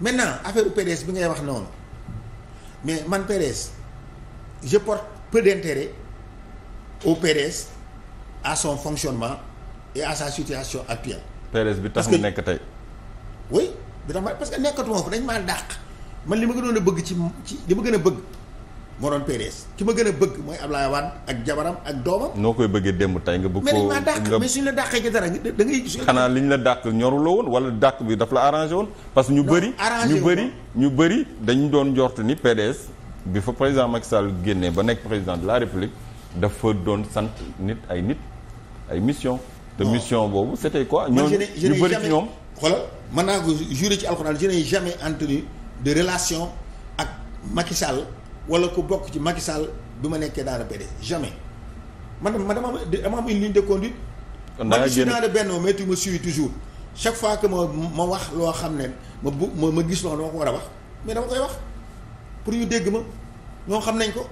maintenant affaire PDS bi ngay wax noonu mais man PDS je porte peu d'intérêt au PDS à son fonctionnement et à sa situation actuelle. PDS bi tax mu nekk tey. oui bi tax ma parce que nekkatuma fa dañ maa dàq man li ma gënoon a bëgg ci ci li ma gën a bëgg. moo doon PDS ki ma gën a bëgg mooy Ablaye Wade ak jabaram ak doomam. noo koy bëggee démb tey nga bëgg ko mais dàq mais suñu la dàqee ci dara da ngay. xanaa la dàq ñoru la woon wala dàq bi daf la arrangé woon. parce que ñu bëri ñu bëri ñu bëri dañu doon njort ni PDS bi fa président Macky Sall génnee ba nekk président de la République dafa doon sant nit ay nit ay mission. te mission boobu c'était quoi. ñoom ñu bëri ci ñoom. xoolal mën naa ko juré ci alxuraan je n'ai jamais entendu de relation ak Macky wala ko bokk ci Macky Sall bi ma nekkee dans le PD jamais man ma dama dama am une ligne de conduite. kon daa génn ma gis Benno mais tu me toujours chaque fois que ma ma wax loo xam ne ma bu ma ma gis loo dama ko war a wax mais dama koy wax pour ñu dégg ma ñoo xam nañ ko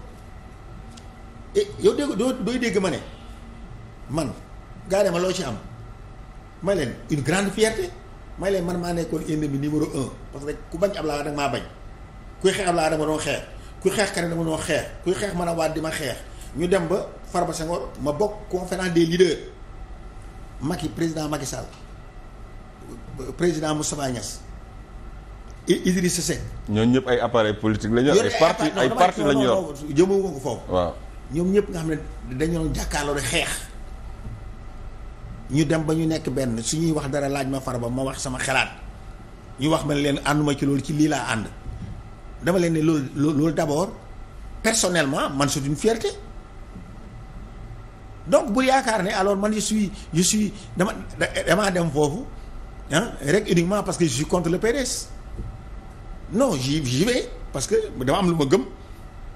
yow dégg dooy dégg ma ne man gaa ma loo ci am may leen une grande fierté may leen man maa nekkoon ennemi numéro un parce que ku bañ Ablaye nag maa bañ kuy xeex Ablaye dama doon xeex. ku xeex ka ne dama noo xeex kuy xeex mën a waat di ma xeex ñu dem ba ba Senghor ma bokk conférence des leaders Macky président Macky Sall président Moustapha Niass Idrissa Seck. ñooñu ñëpp ay appareil politique la ñu. ay parti ay parti la ñu yor jëmoo ko foofu. waaw ñoom ñëpp nga xam ne dañoo jàkkaarloo di xeex. ñu dem ba ñu nekk benn su ñuy wax dara laaj ma far ba ma wax sama xalaat ñu wax ma leen ànduma ci loolu ci lii laa ànd. dama leen ne loolu loolu d'abord personnellement man c'est une fierté donc bu yaakaar ne alors man je suis je suis dama dem foofu ah rek uniquement parce que je suis la le PDS non j'y j'y parce que dama am lu ma gëm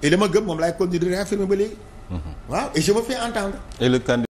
et li ma gëm moom laay continuer de réaffirmer ba léegi mhm. waaw et je me entendre et le candidat